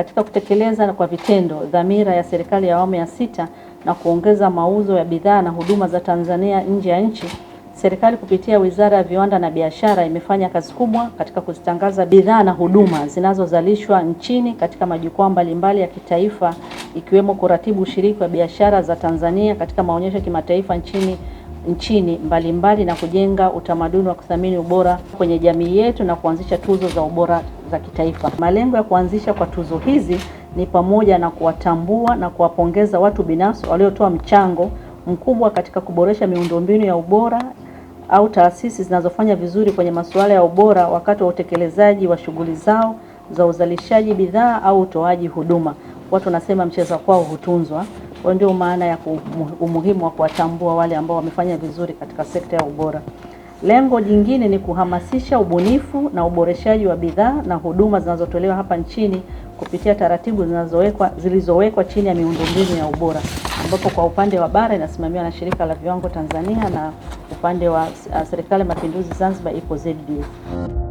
Katika kutekeleza kwa vitendo dhamira ya serikali ya awamu ya sita na kuongeza mauzo ya bidhaa na huduma za Tanzania nje ya nchi, serikali kupitia Wizara ya Viwanda na Biashara imefanya kazi kubwa katika kuzitangaza bidhaa na huduma zinazozalishwa nchini katika majukwaa mbalimbali ya kitaifa ikiwemo kuratibu ushiriki wa biashara za Tanzania katika maonyesho ya kimataifa nchini nchini mbalimbali na kujenga utamaduni wa kuthamini ubora kwenye jamii yetu na kuanzisha tuzo za ubora za kitaifa. Malengo ya kuanzisha kwa tuzo hizi ni pamoja na kuwatambua na kuwapongeza watu binafsi waliotoa mchango mkubwa katika kuboresha miundombinu ya ubora au taasisi zinazofanya vizuri kwenye masuala ya ubora wakati wa utekelezaji wa shughuli zao za uzalishaji bidhaa au utoaji huduma. Watu wanasema mcheza kwao hutunzwa. Kwa ndio maana ya umuhimu wa kuwatambua wale ambao wamefanya vizuri katika sekta ya ubora. Lengo jingine ni kuhamasisha ubunifu na uboreshaji wa bidhaa na huduma zinazotolewa hapa nchini kupitia taratibu zinazowekwa zilizowekwa chini ya miundombinu ya ubora, ambapo kwa upande wa bara inasimamiwa na Shirika la Viwango Tanzania na upande wa uh, Serikali ya Mapinduzi Zanzibar ipo ZBA.